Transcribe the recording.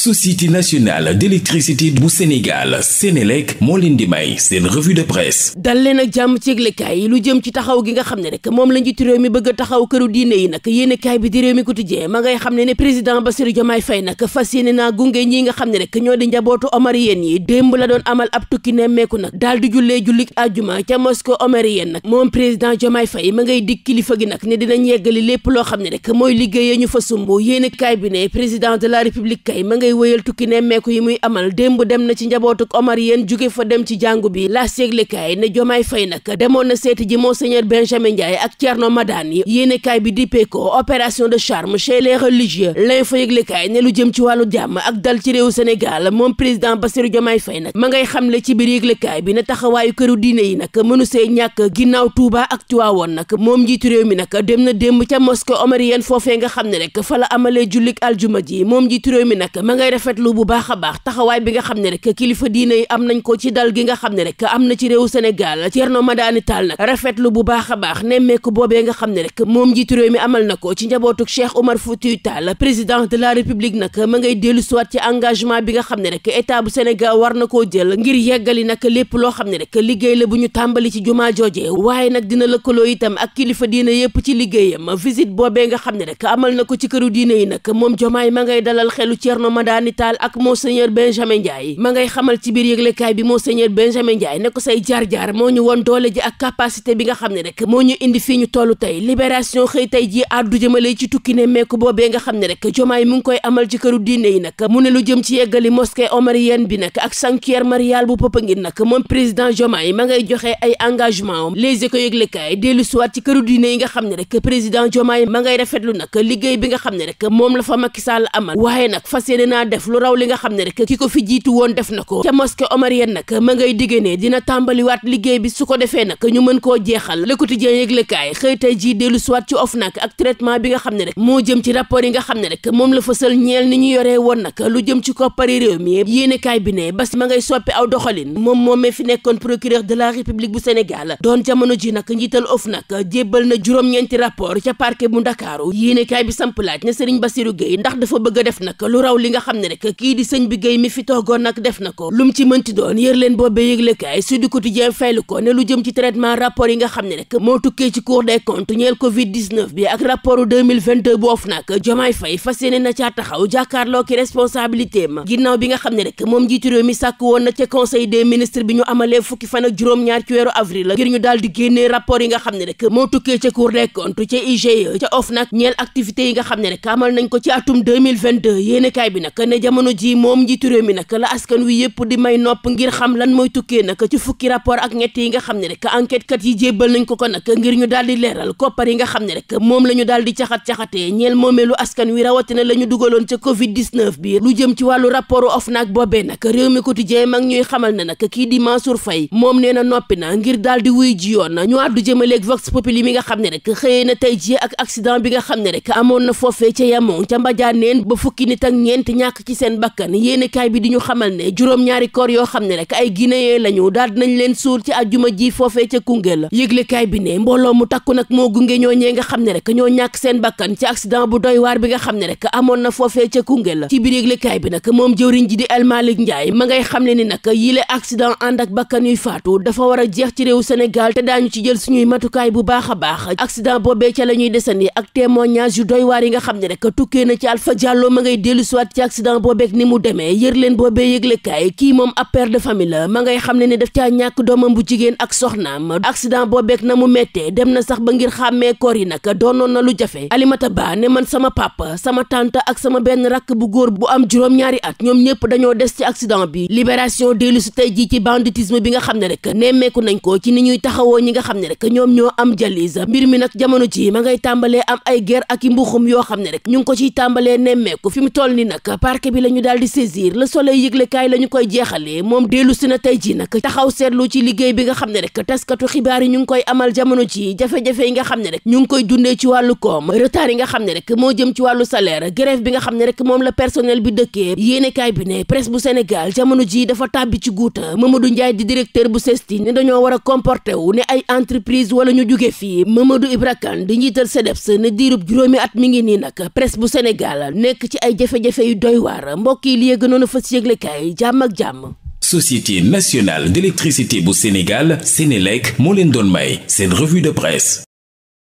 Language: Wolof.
société nationale d'électricité bu Sénégal Sénélec moo leen di may seen revue de presse dal leen jàmm ci yi lu jëm ci taxaw gi nga xam ne rek moom la njiitu réew mi bëgg a taxaw këru diine yi nag yéenekaay bi di réew mi quotidien ma ngay xam ne ne président Bassirou Diomaye Faye nag fas yéene naa gunge ñi nga xam ne rek ñoo di njabootu omariyen yi démb la doon amal ab tukki nemmeeku nag daal jullee jullik àjjuma ca mosquée omariyen nag moom ngay wéyal tukki nemmeeku yi muy amal démb dem na ci njabootuk Omar yéen jóge fa dem ci jàngu bi laas yëglekaay ne jomaay fay nag demoon na seeti ji monseigneur Benjamin Ndiaye ak Thierno Madani yéenekaay bi di peko opération de charme chez les religieux l'info yëglekaay ne lu jëm ci wàllu jàmm ak dal ci réew Sénégal moom président Bassirou Diomaye Faye nag ma ngay xamle ci biir yëglekaay bi ne taxawaayu këru diine yi nag mënu see ñàkk ginnaaw Touba ak Tiwaawoon nag moom njiitu réew mi nag dem na démb ca mosquée omarienne foofee nga xam ne rek fa la amalee jullik aljuma ji moom njiitu réew mi ngay bu baax a baax taxawaay bi nga xam ne rek kilifa diine yi am nañ ko ci dal gi nga xam ne rek am na ci réew Sénégal Thierno Madani Tall nag rafetlu bu baax a baax nemmeeku boobee nga xam ne rek moom njiitu réew mi amal na ko ci njabootuk Cheikh Omar Foutiyou Tall président de la République nag ma ngay dellu siwaat ci engagement bi nga xam ne rek état bu Sénégal war na koo jël ngir yeggali nag lépp loo xam ne rek liggéey la bu ñu tàmbali ci jumaa jooje waaye nag dina lëkkaloo itam ak kilifa diine yépp ci liggéeyam visite boobee nga xam ne rek amal na ko ci këru diine yi nag moom jomaay ma ngay dalal xelu Thierno Madani daani taal ak monseigneur Benjamin Ndiaye ma ngay xamal ci biir yëglekaay bi monseigneur Benjamin Ndiaye ne ko say jaar-jaar moo ñu won doole ji ak capacité bi nga xam ne rek moo ñu indi fii ñu toll tey libération xëy tey ji àddu jëmale ci tukki ne meeku boobee nga xam ne rek jomaay mu ngi koy amal ci këru diine yi nag mu ne lu jëm ci yeggali mosquée omarienne bi nag ak sanctuaire marial bu Popenguine nag moom président jomaay ma ngay joxe ay engagement am les éco yëglekaay dellu siwaat ci këru diine yi nga xam ne rek président jomaay ma ngay rafetlu nag liggéey bi nga xam ne rek moom la fa Macky Sall naa def lu raw li nga xam ne rek ki ko fi jiitu woon def na ko ca mosquée omarienne nag ma ngay diggée ne dina tàmbaliwaat liggéey bi su ko defee nag ñu mën koo jeexal Le Quotidien ne rek bi ne ma ngay soppi aw doxalin moom moomee fi nekkoon procureur de république bu Sénégal doon jamono ji nag njiital OFNAC jébbal na juróom-ñeenti rapport ca parquet bu Ndakaaru yéenekaay bi samp laaj ne Serigne Bassirou ndax dafa bëgg def nag lu raw li xam ne rek kii di sëñ bi Guèye mi fi toogoon nag def na ko lu mu ci mënti doon yër leen boobee yëglekaay Sud Quotidien faylu ko ne lu jëm ci traitement rapport yi nga xam ne rek moo tukkee ci Cour des comptes ñeel Covid 19 bi ak rapportu 2022 bu OFNAC Jomaay Faye fas yéene na caa taxaw jàkkaarloo responsabilité ma ginnaaw bi nga xam ne rek moom jiitu réew mi sàkk woon na ca conseil des ministres bi ñu amalee fukki fan ak juróom-ñaar ci weeru avril ñu daal di génnee rapport yi nga xam ne rek moo tukkee ca Cour des comptes ca IGE ca ñeel activités yi nga xam ne rek amal nañ ko ci atum 2022 yéenekaay bi nag ne jamono ji moom njiitu réew mi nag la askan wi yëpp di may nopp ngir xam lan mooy tukkee nag ci fukki rapport ak ñett yi nga xam ne rek enquête kat yi jébbal nañ ko ko nag ngir ñu daal di leeral koppar yi nga xam ne rek moom la ñu daal di caxat-caxatee ñeel moomeelu askan wi rawatina la ñu dugaloon ca covid 19 bi lu jëm ci wàllu rapport OFNAC boobee nag réew mi quotidien mag ñuy xamal na kii di Mansour Faye moom nee na noppi na ngir daal di wuy ji yoon ñu àddu jëmaleeg Vox Populi mi nga xam ne rek xëyee na tey ji ak accident bi nga xam ne rek amoon na foofee ca yamoon ca mbajaa neen ba fukki nit ak ñeent ñaa ñàkk ci seen bakkan yéenekaay bi di ñu xamal ne juróom bu doy waar bi nga xam ne rek amoon na foofee ca Koungheul ci biir yëglekaay bi nag moom jëwriñ ji di El Malick ma ngay xam ne ni nag yile accident ànd ak bakkan yuy faatu dafa war a jeex ci réew Sénégal te daañu ci jël suñuy matukaay bu baax a baax boobee ca la ñuy desandi ak témoignage yu doy waar yi nga xam ne rek tukkee na ci Alpha ma ngay dellu siwaat ci accident boobeeg ni mu demee yër leen boobee yëglekaay kii moom ab père de famille ma ngay xam ne ne daf caa ñàkk doomam bu jigéen ak soxnaam accident boobeeg na mu mettee dem na sax ba ngir xàmmee koor yi nag doonoon na lu jafe alimata ba ne man sama papa sama tante ak sama benn rakk bu góor bu am juróom-ñaari at ñoom ñëpp dañoo des ci accident bi libération dellu si tey jii ci banditisme bi nga xam ne rek nemmeeku nañ ko ci ni ñuy taxawoo ñi nga xam ne rek ñoom ñoo am jalis mbir mi nag jamono ji ma ngay tàmbalee am ay guerre ak i mbuxum yoo xam ne rek ñu ngi ko ciy tàmbalee nemmeeku fi mu toll ni nag parquet bi la ñu daal di saisir le soleil yëglekaay la ñu koy jeexalee moom dellu si na tey ji nag taxaw seetlu ci liggéey bi nga xam ne rek taskatu xibaar yi ñu ngi koy amal jamono ji jafe-jafe yi nga xam ne rek ñu ngi koy dundee ci wàllu koom retard yi nga xam ne rek moo jëm ci wàllu salaire grève bi nga xam ne rek moom la personnel bi dëkkee yéenekaay bi ne presse bu Sénégal jamono ji dafa tàbbi ci guuta Mamadou Ndiaye di directeur bu ti ne dañoo war a comporté wu ne ay entreprise wala ñu jóge fii Mamadou Ibra Kane di njiital CDEPS ne diirub juróomi at mi ngi nii nag presse bu Sénégal nekk ci ay jafe-jafe waar mbokk yi li gënoon a fas yëglekaay jàmm ak jàmm. société nationale d'électricité bu Sénégal Sénélec moo leen doon may seen revue de presse.